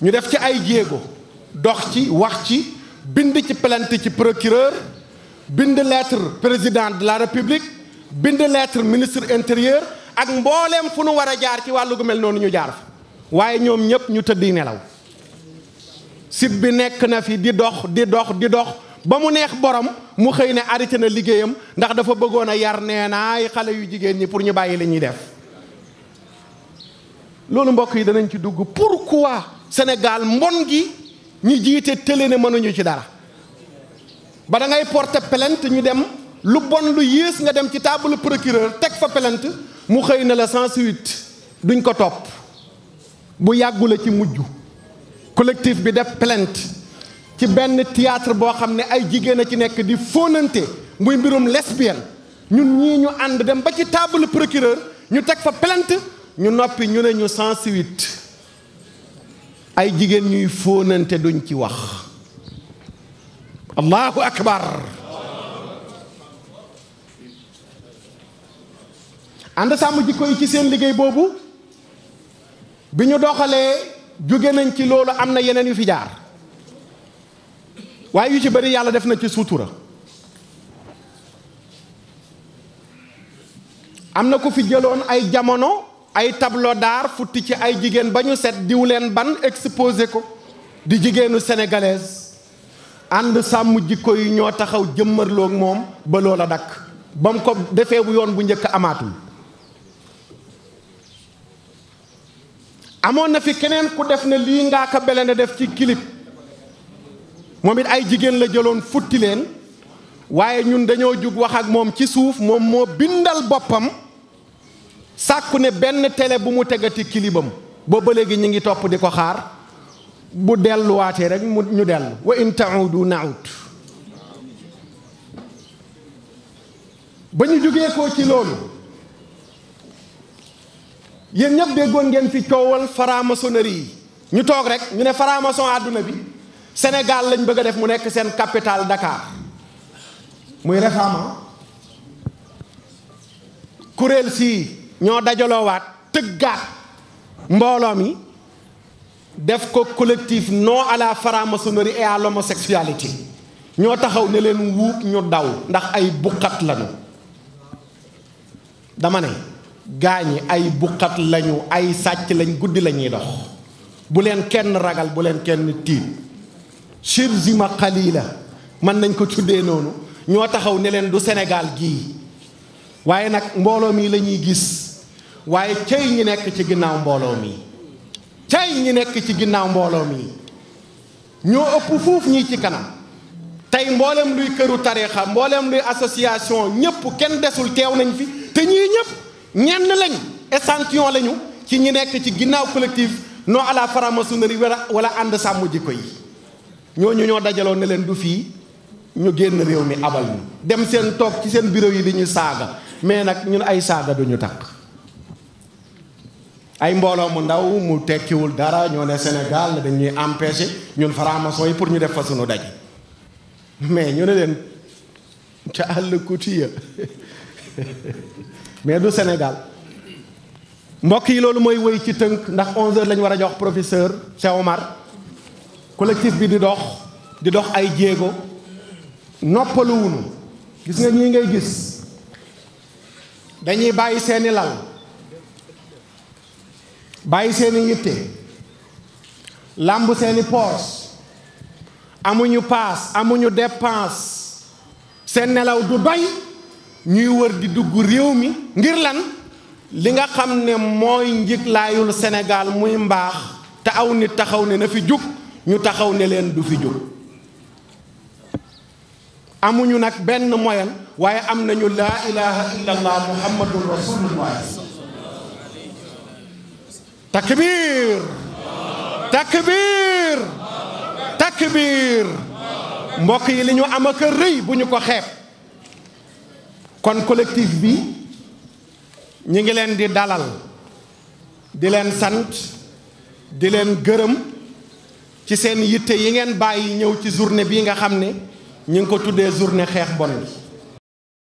ñu def ci ay jéego dox ci wax ci bind ci plainte ci procureur bind lettre président de la république bind lettre ministre intérieur ak mbooleem fu nu war a jaar ci wàllu gu mel noonu ñu jaar fa waaye ñoom ñëpp ñu tëddi nelaw site bi nekk na fi di dox di dox di dox ba mu neex borom mu xëy ne arrêté na liggéeyam ndax dafa bëggoon a yar nee naay xale yu jigéen ñi pour ñu bàyyi lañuy def loolu mbokk yi danañ ci dugg pourquoi Sénégal mbon gi ñi jiite télé ne mënuñu ci dara ba dangay ngay porter plainte ñu dem lu bon lu yées nga dem ci table procureur teg fa plainte mu xëy na la sans duñ ko topp bu yàggu ci mujj collectif bi def plainte ci benn théâtre boo xam ne ay jigéen a ci nekk di fóonante muy mbirum lesbienne ñun ñii ñu ànd dem ba ci table procureur ñu teg fa plainte ñu noppi ñu ne ñu 108 ay jigéen ñuy fóonante duñ ci wax allahu akbar ànd sàmm jikko yi ci seen liggéey boobu bi ñu doxalee jóge nañ ci loolu am na yeneen yu fi jaar waaye yu ci bari yàlla def na ci suutura am na ko fi jëloon ay jamono ay tablo daar futti ci ay jigéen bañu ñu set diw leen ban exposé ko di jigéenu sénégalaise ànd sàmm jikko ñoo taxaw jëmmarloog moom ba dakk ba ko defee bu yoon bu njëkk amaatul amoon na fi keneen ku def ne lii ngaa ko belene def ci clip moom it ay jigéen la jëloon futti leen waaye ñun dañoo jug wax ak moom ci suuf moom moo bindal boppam sàkku ne benn télé bu mu tegati kilibam boo ba léegi ñu ngi topp di ko xaar bu delluwaatee rek mu ñu dellu wa in taudu naud ba ñu jógee ko ci loolu yéen ñëpp déggoon ngeen fi coowal franc ñu toog rek ñu ne franc-maçon àdduna bi Sénégal lañ bëgg a def mu nekk seen capitale Dakar muy récemment kuréel sii ñoo dajaloowaat tëggaat mbooloo mi def ko collectif noo à la franc-maçonnerie et à l'homosexualité ñoo taxaw ne leen wuub ñu daw ndax ay buqat lañu dama ne gaañi ay buqat lañu ay sàcc lañ guddi lañuy dox bu leen kenn ragal bu leen kenn tiit chirzima xalila mën nañ ko tuddee noonu ñoo taxaw ne leen du senegaal gii waaye nag mbooloo mi lañuy gis waaye cey ñi nekk ci ginnaaw mbooloo mi cey ñi nekk ci ginnaaw mbooloo mi ñoo ëpp fuuf ñii ci kanam tey mboolem luy këru tariixa mbooleem luy association ñëpp kenn desul teew nañ fi te ñii ñëpp ñenn lañ échantillon lañu ci ñi nekk ci ginnaaw collectif non à la franc-maçonnerie wala ànd sàmm jikko yi ñooñu ñoo dajaloo ne leen du fii ñu génn réew mi abal ñu dem seen toog ci seen bureau yi di ñu saaga mais nag ñun ay saaga duñu takk ay mbooloo mu ndaw mu tekkiwul dara ñoo ne Sénégal dañuy empêché ñun franc-maçon yi pour ñu def fa sunu daj mais ñu ne leen ca àll kutiya mais du Sénégal mbokk yi loolu mooy wéy ci tënk ndax 11h la war a jox professeur Cheikh mar collectif bi di dox di dox ay jéego noppaluwunu gis nga ñii ngay gis dañuy bàyyi seeni lal. bàyyi seeni yitte làmb seeni poos amuñu paas amuñu dépense seen nelaw du doy ñuy wër di dugg réew mi ngir lan li nga xam ne mooy njëglaayul senegaal muy mbaax te aw nit taxaw ne na fi jug ñu taxaw ne leen du fi jug amuñu nag benn moyen waaye am nañu laa ilaha illallah muhammadun rasulullah takbir takbir takbir mbokk yi li ñu am ak rëy bu ñu ko xeeb kon collectif bi ñu ngi leen di dalal di leen sant di leen gërëm ci seen yitte yi ngeen bàyyi ñëw ci journée bii nga xam ne ñu ngi ko tuddee journée xeex bon bi